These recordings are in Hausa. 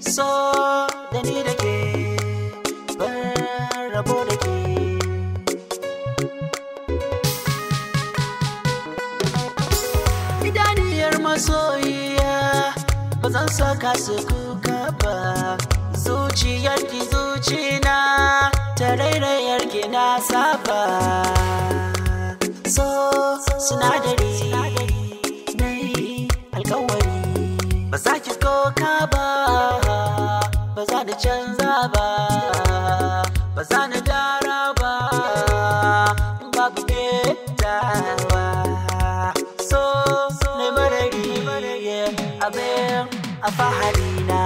so da ni da ke rabo da ke idaniyar masoyiya ba zan saka su kuka ba zuciyar ki ta rairayar ki na saba so sinadari na alkawari ba za ki koka ba ba za ni canza ba ba za ni gara ba babu ketawa so ne marari abin a fahari na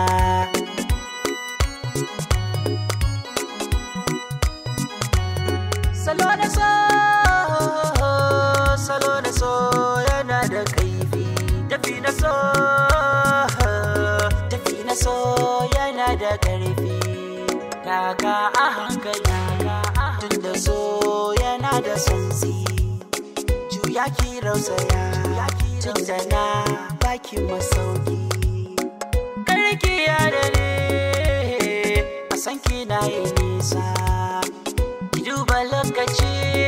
salo na so salo na so yana da kaifi tafi na so daga a hankali tun da so yana da zi juya ki rausaya tun da na baki masauki karki ya dare a san ki na yi nisa ki duba lokaci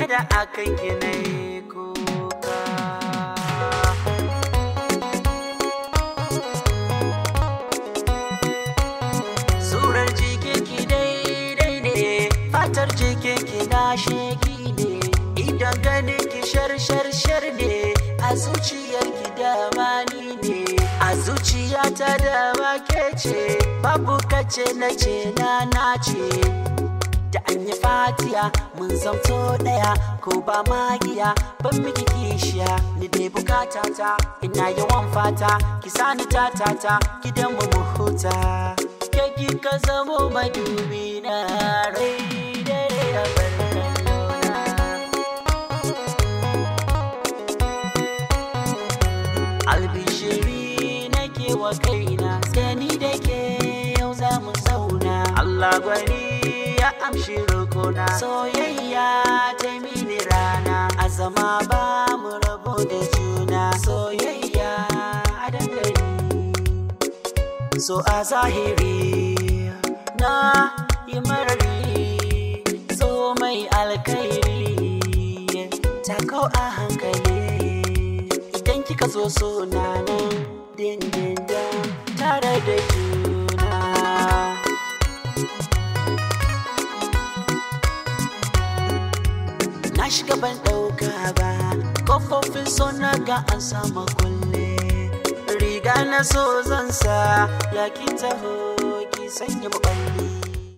kada a kan gina ko fatar jikin ki na sheki ne idan ganin ki shar shar shar ne a zuciyar ki dama ni ne a zuciyata dama ke ce babu kace na ce na na ce da anyi fatiya mun zanto daya ko ba magiya ban miki kishiya ni dai bukata ta ina yawan fata ki sani ta ta ta gidan mu huta kake ka zamo madubi na rai albishiri nake wa kaina Sani da ke yau za mu zauna Allah gwani ya amshi rukuna soyayya ta mini rana azama ba mu rabo da juna soyayya a dangare so a zahiri na yi marari kika so so na nan da tare da juna na shiga ban ɗauka ba kofofin so na ga an sama kulle riga na so zan sa ya ki taho ki sanya maballi